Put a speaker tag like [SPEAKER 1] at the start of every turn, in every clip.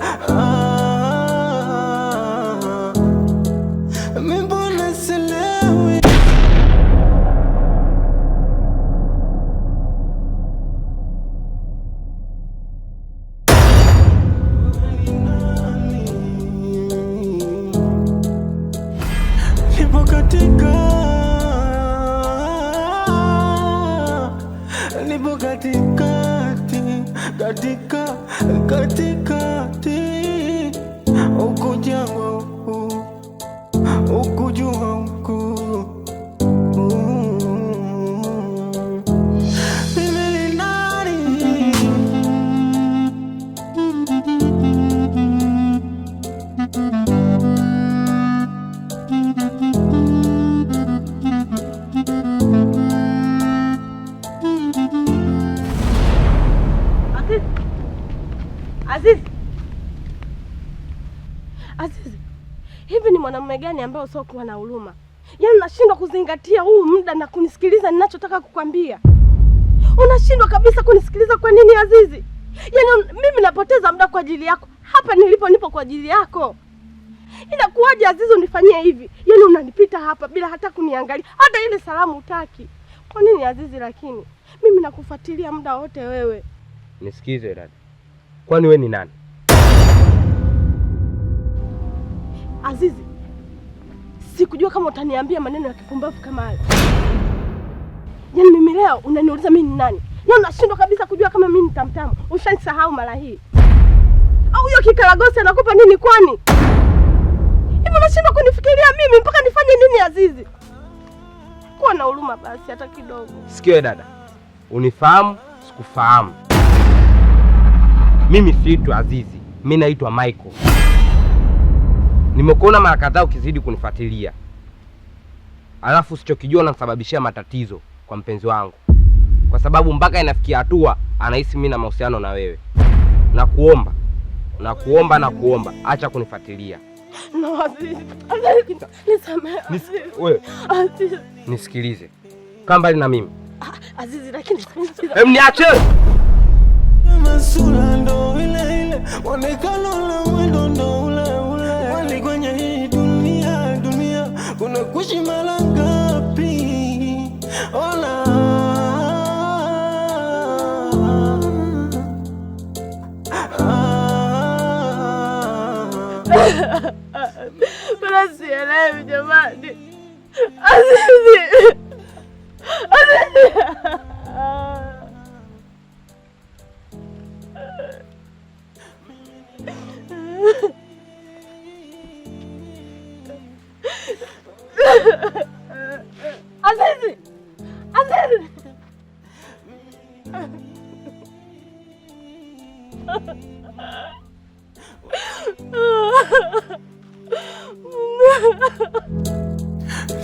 [SPEAKER 1] Oh. gani ambayo sio kuwa na huruma. Yaani unashindwa kuzingatia huu muda na kunisikiliza ninachotaka kukwambia. Unashindwa kabisa kunisikiliza. Kwa nini Azizi? Yaani mimi napoteza muda kwa ajili yako, hapa nilipo nipo kwa ajili yako. Inakuwaje Azizi unifanyie hivi? Yaani unanipita hapa bila hata kuniangalia, hata ile salamu utaki Kwa nini Azizi? Lakini mimi nakufuatilia muda wote wewe.
[SPEAKER 2] Nisikize dada, kwani wewe ni nani?
[SPEAKER 1] Azizi, Sikujua kama utaniambia maneno ya kipumbavu kama hayo. Yaani mimi leo unaniuliza mimi ni nani? Na unashindwa kabisa kujua kama mimi ni tamtamu. Ushanisahau mara hii. Au huyo kikaragosi anakupa nini kwani? Hivi unashindwa kunifikiria mimi mpaka nifanye nini Azizi? Kuwa na huruma basi hata kidogo.
[SPEAKER 2] Sikio dada. Unifahamu, sikufahamu. Mimi siitwa Azizi. Mimi naitwa Michael. Nimekuona mara kadhaa ukizidi kunifuatilia, alafu usichokijua unamsababishia matatizo kwa mpenzi wangu, kwa sababu mpaka inafikia hatua anahisi mimi na mahusiano na wewe. Nakuomba, nakuomba, nakuomba acha kunifuatilia. Nisikilize, kaa mbali na mimi.
[SPEAKER 1] Ah, Azizi, lakini
[SPEAKER 2] niache. Sura ndo ile ile, mwonekano na mwendo ndo kushimala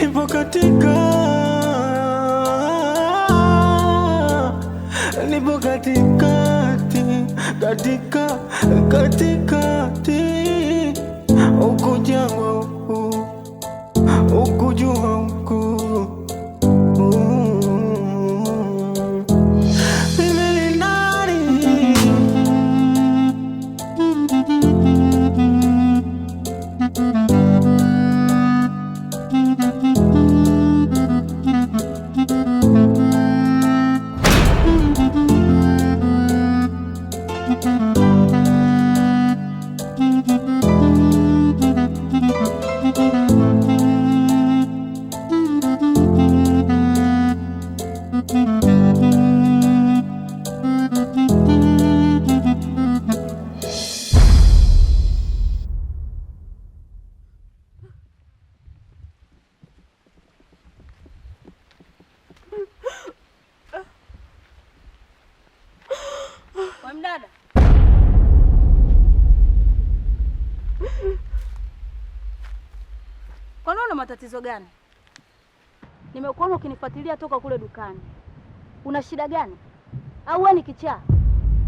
[SPEAKER 1] nipo katika, nipo katikati, katika katikati
[SPEAKER 3] una matatizo gani? Nimekuona ukinifuatilia toka kule dukani, una shida gani? Au wewe ni kichaa?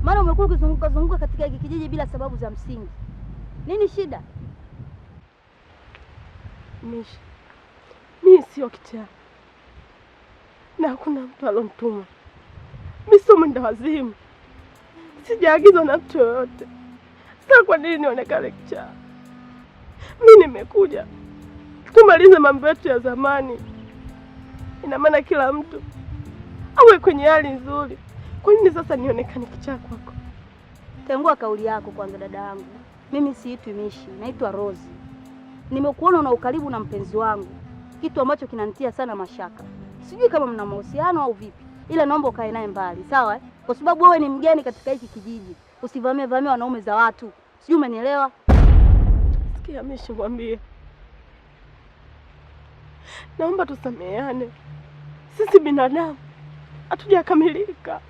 [SPEAKER 3] Maana umekuwa ukizunguka zunguka katika hiki kijiji bila sababu za msingi. Nini shida?
[SPEAKER 1] Misha, mimi sio kichaa na hakuna mtu alomtuma mimi, sio mwenda wazimu, sijaagizwa na mtu yoyote. Sasa kwa nini nionekane kichaa? Mimi nimekuja tumalize mambo yetu ya zamani. Ina maana kila mtu awe kwenye hali nzuri. Kwa nini sasa nionekane kichaa kwako?
[SPEAKER 3] Tengua kauli yako kwanza, dada yangu. Mimi siitwi Mishi, naitwa Rozi. Nimekuona na ukaribu na mpenzi wangu, kitu ambacho kinanitia sana mashaka. Sijui kama mna mahusiano au vipi, ila naomba ukae naye mbali, sawa eh? Kwa sababu wewe ni mgeni katika hiki kijiji, usivamie vamie wanaume za watu, sijui umenielewa?
[SPEAKER 1] Sikia Mishi, mwambie naomba tusameane. Sisi binadamu hatujakamilika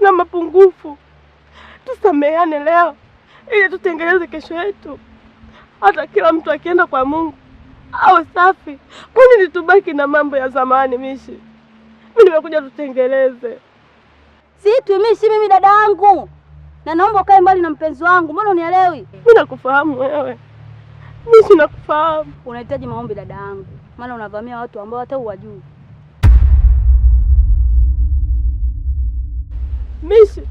[SPEAKER 1] na mapungufu, tusameane leo ili tutengeneze kesho yetu, hata kila mtu akienda kwa Mungu awe safi. Kwani nitubaki na mambo ya zamani? Mishi, mimi nimekuja tutengeneze.
[SPEAKER 3] Situ Mishi, mimi dada yangu, na naomba ukae mbali na mpenzi wangu. Mbona unielewi?
[SPEAKER 1] Mimi nakufahamu wewe Mishi, nakufahamu.
[SPEAKER 3] Unahitaji maombi dada yangu maana unavamia watu ambao hata huwajui.
[SPEAKER 1] Mishi,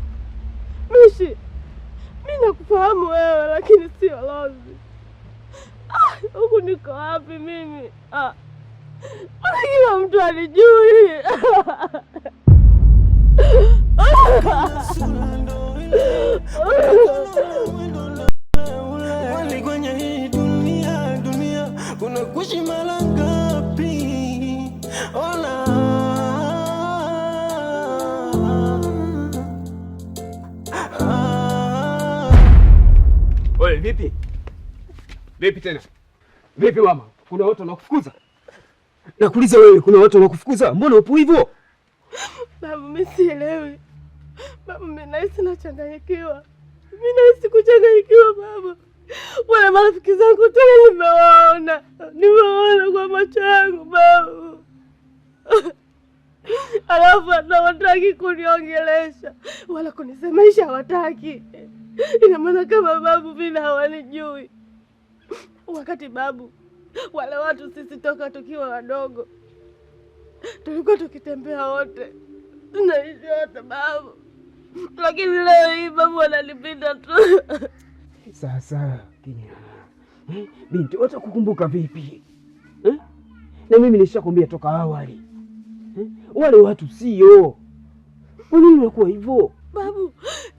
[SPEAKER 1] Mishi, mi nakufahamu wewe, lakini sio Lozi. Ah, huku ah, niko wapi mimi? Ah, kila mtu alijui
[SPEAKER 4] Vipi? Vipi tena? Vipi mama? Kuna watu wanakufukuza? Nakuuliza wewe, kuna watu wanakufukuza? Mbona upo hivyo?
[SPEAKER 1] Babu, mimi sielewi. Babu, mimi nahisi nachanganyikiwa. Mimi nahisi kuchanganyikiwa baba. Wale marafiki zangu tena nimewaona. Nimewaona kwa macho yangu babu. Alafu wataki kuniongelesha wala kunisemesha, hawataki Ina maana kama babu vile hawanijui, wakati babu wale watu sisi toka tukiwa wadogo tulikuwa tukitembea wote tunaishi wote babu, lakini leo hii babu ananipinda tu.
[SPEAKER 4] Sasa kijana eh, binti watakukumbuka vipi eh? Na mimi nishakwambia toka awali eh, wale watu sio. Kwa nini unakuwa hivyo
[SPEAKER 1] babu?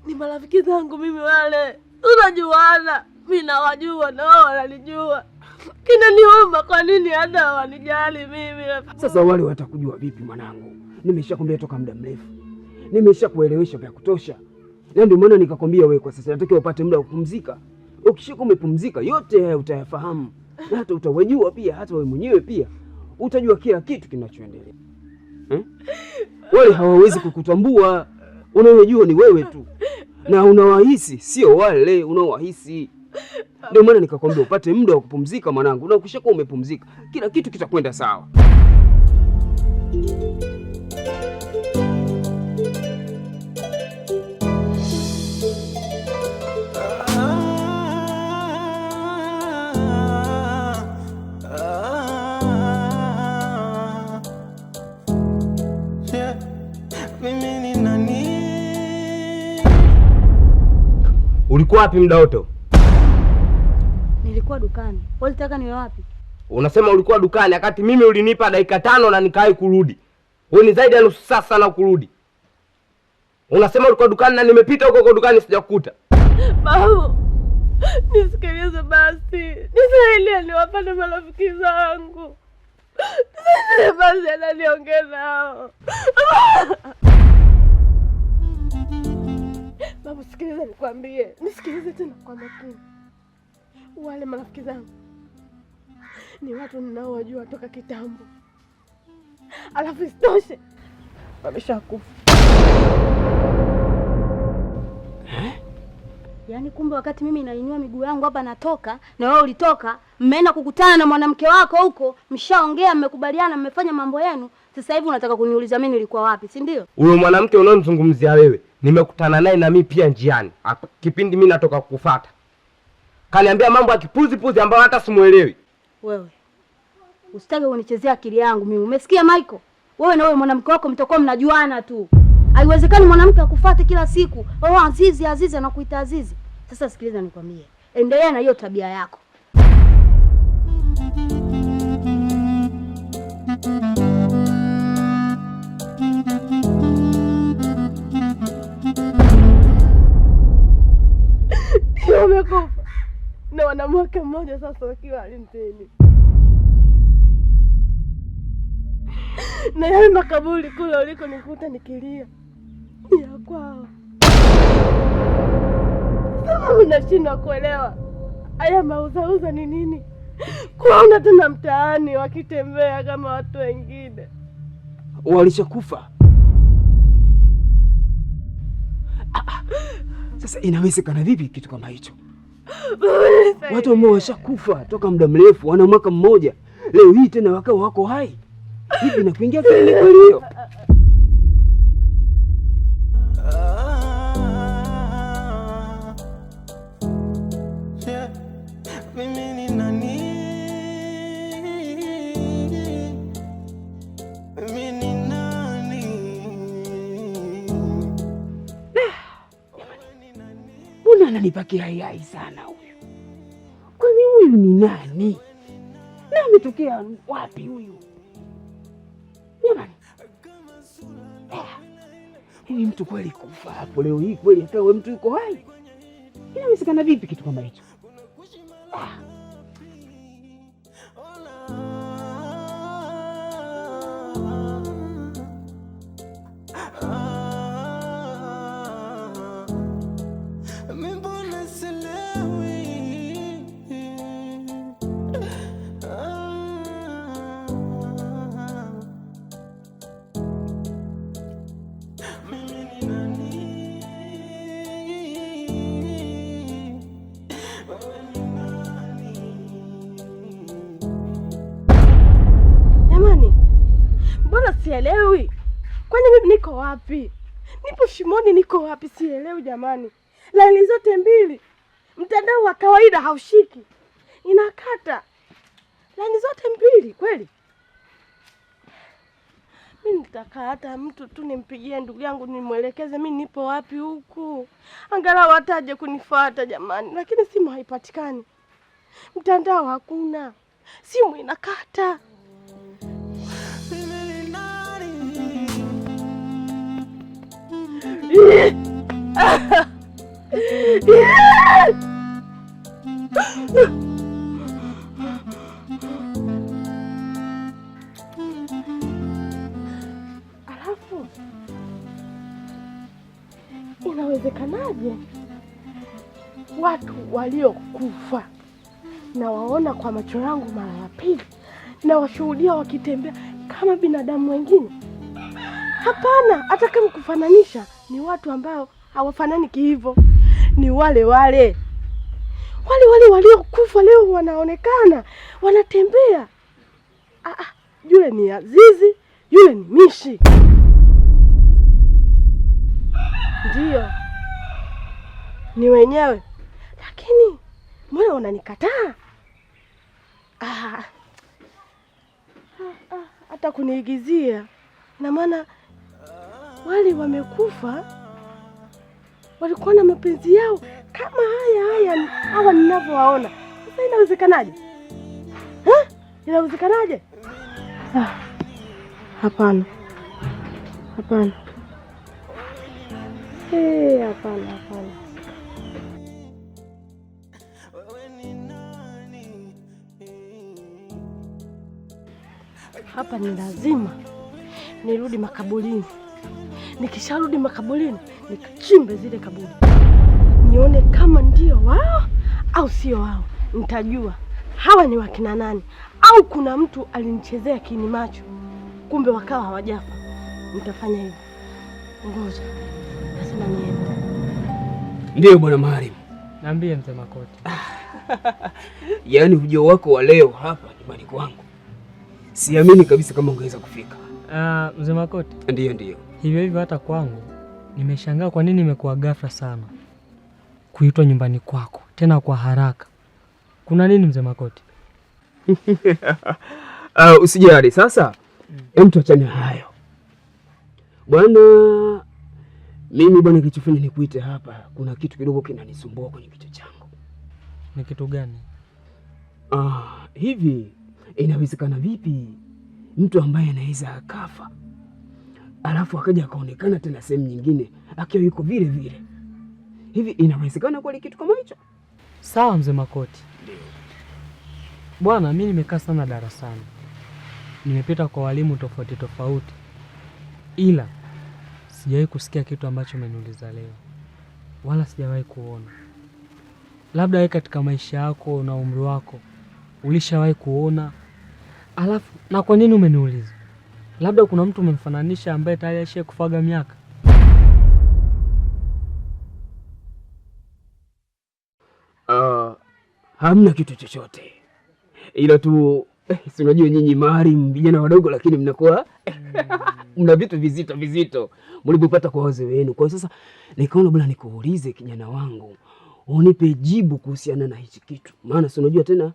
[SPEAKER 1] ni marafiki zangu mimi, wale unajuana mi nawajua na wao wananijua. Kinaniuma kwa nini hata wanijali mimi?
[SPEAKER 4] Sasa wale watakujua vipi mwanangu? Nimeshakwambia toka muda mrefu, nimeshakuelewesha vya kutosha, na ndio maana nikakwambia wewe kwa sasa natakiwa upate muda wa kupumzika. Ukishika umepumzika, yote haya utayafahamu na hata utawajua pia, hata wewe mwenyewe pia utajua kila kitu kinachoendelea eh? Wale hawawezi kukutambua, unayojua ni wewe tu na unawahisi sio wale unaowahisi. Ndio maana nikakwambia upate muda wa kupumzika mwanangu, na ukishakuwa umepumzika, kila kitu kitakwenda sawa. wapi muda wote?
[SPEAKER 3] Nilikuwa dukani. Wewe ulitaka niwe wapi?
[SPEAKER 4] Unasema ulikuwa dukani wakati mimi ulinipa dakika tano na nikawahi kurudi. Wewe ni zaidi ya nusu saa sana kurudi. Unasema ulikuwa dukani na nimepita huko huko dukani sijakukuta.
[SPEAKER 1] Babu. Nisikilize basi. Nisaidie niwapate marafiki zangu. Nisaidie basi ananiongeza. nao. nikwambie, nisikilize tena kwa makini. Wale marafiki zangu ni watu ninaowajua toka kitambo, alafu isitoshe wameshakufa.
[SPEAKER 3] Yaani kumbe wakati mimi nainua miguu yangu hapa natoka, na wewe ulitoka, mmeenda kukutana na mwanamke wako huko, mshaongea, mmekubaliana, mmefanya mambo yenu. Sasa hivi unataka kuniuliza mimi nilikuwa wapi, si ndio?
[SPEAKER 4] Huyo mwanamke unaomzungumzia wewe nimekutana naye na mimi pia njiani, kipindi mimi natoka kukufata, kaniambia mambo ya puzi ambayo hata simuelewi.
[SPEAKER 3] Wewe usitake unichezea akili yangu mimi, umesikia Michael? Wewe na wewe mwanamke wako mtakuwa mnajuana tu, haiwezekani mwanamke akufate kila siku. Oh, Azizi Azizi anakuita Azizi. Sasa sikiliza nikwambie, endelea na hiyo tabia yako
[SPEAKER 1] mwenyewe na wana mwaka mmoja sasa wakiwa alimteni na yale makaburi kule uliko nikuta nikilia ya kwao. Sasa mimi kuelewa haya mauzauza ni nini, kuona tena mtaani wakitembea kama watu wengine
[SPEAKER 4] walishakufa. Ah, ah. Sasa inawezekana vipi kitu kama hicho? Watu ambao washakufa toka muda mrefu, wana mwaka mmoja, leo hii tena wakawa wako hai, vipi na kuingia kwenye hiyo
[SPEAKER 5] ananipa kihaihai sana huyu. Kwani huyu ni nani na ametokea wapi huyu jamani? Hivi eh, mtu kweli kufa hapo leo hii kweli, hata wewe mtu yuko hai, inawezekana vipi kitu kama hicho? sielewi. Kwani mimi niko wapi? Nipo shimoni, niko wapi? Sielewi jamani. Laini zote mbili, mtandao wa kawaida haushiki, inakata laini zote mbili. Kweli mi nitakaa hata mtu tu nimpigie ndugu yangu nimwelekeze mi nipo wapi huku, angalau wataje kunifuata jamani, lakini simu haipatikani, mtandao hakuna, simu inakata. Alafu inawezekanaje watu waliokufa na waona kwa macho yangu mara ya pili na washuhudia wakitembea kama binadamu wengine? Hapana, hata kama kufananisha ni watu ambao hawafanani kihivyo, ni wale wale wale wale waliokufa leo wanaonekana wanatembea. Ah, ah yule ni Azizi, yule ni Mishi. Ndiyo, ni wenyewe. Lakini mbona unanikataa? Ah, ah, ah, hata kuniigizia, na maana wale wamekufa walikuwa na mapenzi yao kama haya haya hawa ninavyowaona sasa. Inawezekanaje? Inawezekanaje? Ah, hapana hapana, hey, eh, hapana hapana. Hapa ni lazima nirudi makaburini nikisharudi makaburini nikachimbe zile kaburi nione kama ndio wao au sio wao. Nitajua hawa ni wakina nani, au kuna mtu alinichezea kini macho, kumbe wakawa hawajafa. Nitafanya hivyo. Ngoja nasema niende.
[SPEAKER 4] Ndio bwana Maharimu,
[SPEAKER 6] naambie mzee Makoti. Ah,
[SPEAKER 4] yaani ujio wako wa leo hapa nyumbani kwangu siamini kabisa kama ungeweza kufika.
[SPEAKER 6] Uh, mzee Makoti, ndiyo ndiyo Hivyo hivyo hata kwangu nimeshangaa kwa nini imekuwa ghafla sana kuitwa nyumbani kwako tena kwa haraka. Kuna nini mzee Makoti? Uh,
[SPEAKER 4] usijali sasa, hem, tuachane hayo bwana. Mimi bwana, kilichofanya nikuite hapa, kuna kitu kidogo kinanisumbua kwenye kichwa changu.
[SPEAKER 6] Ni kitu gani?
[SPEAKER 4] Ah, hivi inawezekana vipi mtu ambaye anaweza akafa alafu akaja akaonekana tena sehemu nyingine akiwa yuko vile vile. Hivi inawezekana kweli kitu kama hicho?
[SPEAKER 6] Sawa mzee Makoti. bwana, mi nimekaa sana darasani, nimepita kwa walimu tofauti tofauti, ila sijawahi kusikia kitu ambacho umeniuliza leo, wala sijawahi kuona. Labda wewe katika maisha yako na umri wako ulishawahi kuona, alafu na kwa nini umeniuliza? Labda kuna mtu umemfananisha ambaye tayari ashie kufaga miaka.
[SPEAKER 4] Uh, hamna kitu chochote ila tu eh, si unajua nyinyi mahari vijana wadogo, lakini mnakuwa eh, mna vitu vizito vizito mlivyopata kwa wazee wenu. Kwa hiyo sasa nikaona bora nikuulize kijana wangu, unipe jibu kuhusiana na hichi kitu, maana si unajua tena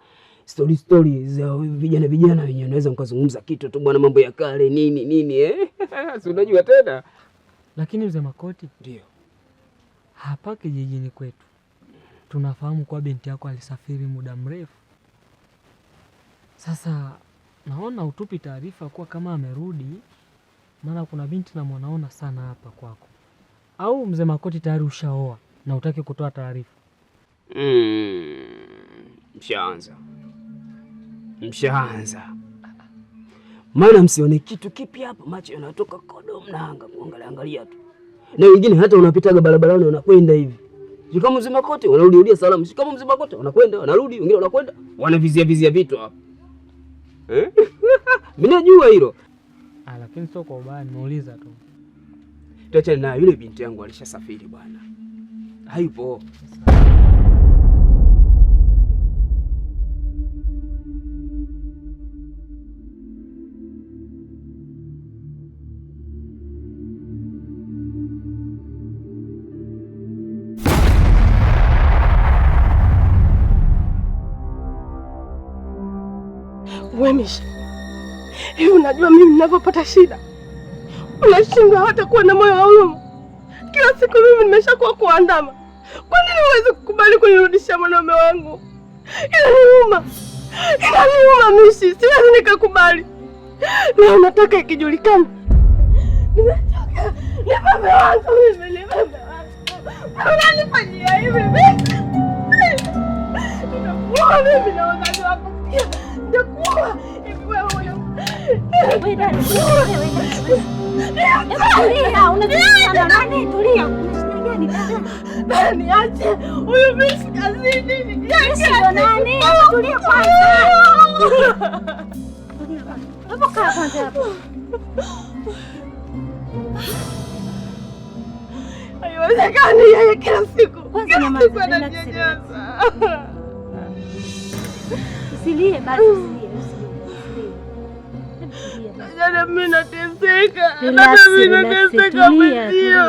[SPEAKER 4] stori stori za vijana vijana wenyewe, naweza mkazungumza kitu tu bwana, mambo ya kale nini nini eh? si unajua tena.
[SPEAKER 6] Lakini mzee Makoti, ndio hapa kijijini kwetu tunafahamu kuwa binti yako alisafiri muda mrefu. Sasa naona utupi taarifa kuwa kama amerudi, maana kuna binti namwanaona sana hapa kwako. Au mzee Makoti tayari ushaoa na utaki kutoa taarifa?
[SPEAKER 4] Mm, mshaanza mshaanza maana msione kitu kipi hapa, macho yanatoka kodo, mnaanga kuangalia angalia tu, na wengine hata unapitaga barabarani wanakwenda hivi shikamoo mzima kote, wanarudi rudia salamu shikamoo mzima kote, wanakwenda wanarudi, wengine wanakwenda wanavizia vizia vitu hapa eh? mimi najua hilo
[SPEAKER 6] ah, lakini sio kwa ubaya, nimeuliza tu.
[SPEAKER 4] Tuachane na yule binti yangu alishasafiri bwana, haipo.
[SPEAKER 1] unajua mimi ninavyopata shida, unashindwa hata kuwa na moyo wa huruma. Kila siku mimi nimeshakuwa kuandama. Kwa nini huwezi kukubali kunirudishia mwanaume wangu? Inaniuma, inaniuma Mishi, siwezi nikakubali. na nataka ikijulikana, nimechoka. wangu mimi, wangu, unanifanyia hivi mimi Haiwezekani yeye kila siku kila siku ananyanyasa.
[SPEAKER 3] Usilie basi
[SPEAKER 1] jana mimi nateseka.
[SPEAKER 3] Mimi nateseka mzio.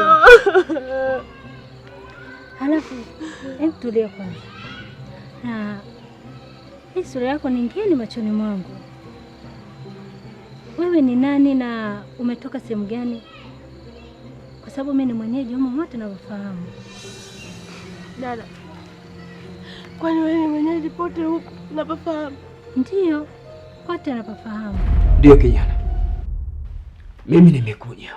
[SPEAKER 3] Halafu hebu tulia kwanza. Na hii sura yako ni ngeni machoni mwangu. Wewe ni nani na umetoka sehemu gani? Kwa sababu mimi ni mwenyeji humo mote navyofahamu.
[SPEAKER 1] Dada, kwani wewe ni mwenyeji pote huku napafahamu?
[SPEAKER 3] Ndiyo, pote napafahamu.
[SPEAKER 4] ndio kijana. Mimi nimekuja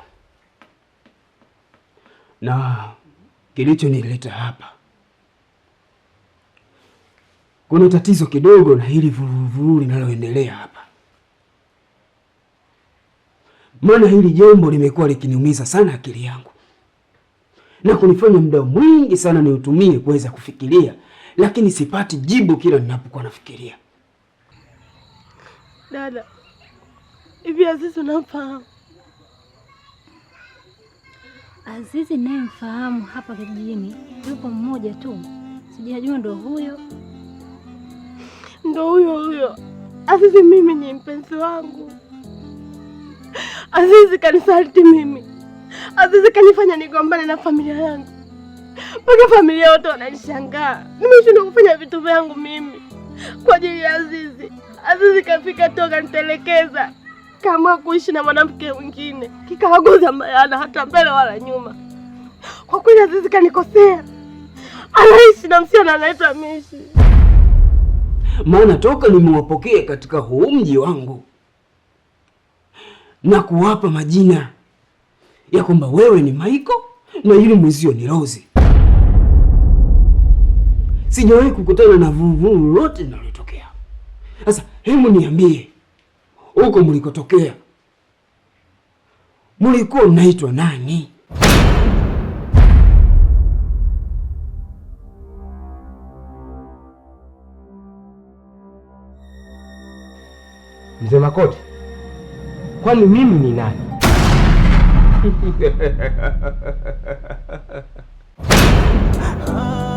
[SPEAKER 4] na kilichonileta hapa, kuna tatizo kidogo na hili vuruvuru linaloendelea hapa, maana hili jambo limekuwa likiniumiza sana akili yangu na kunifanya muda mwingi sana niutumie kuweza kufikiria, lakini sipati jibu kila ninapokuwa nafikiria.
[SPEAKER 1] Dada, hivi Azizi unamfahamu?
[SPEAKER 3] Azizi mfahamu hapa kijijini yupo mmoja tu, sijajua ndo huyo
[SPEAKER 1] ndo huyo huyo Azizi. Mimi ni mpenzi wangu Azizi, kanisaliti mimi. Azizi kanifanya nigombane na familia yangu mpaka familia wote wananishangaa. Nimeshindwa kufanya vitu vyangu mimi kwa ajili ya Azizi. Azizi kafika tu kanitelekeza kaamua kuishi na mwanamke mwingine, kikawaguza Mayana hata mbele wala nyuma. Kwa kweli Azizi kanikosea, anaishi na msichana anaitwa Mishi,
[SPEAKER 4] maana toka nimewapokea katika huu mji wangu na kuwapa majina ya kwamba wewe ni Maiko na yule mwenzio ni Rozi, sijawahi kukutana na vuvu lolote linalotokea. Sasa hebu niambie huko mlikotokea mlikuwa mnaitwa nani? Mzee Makoti, kwani mimi ni nani?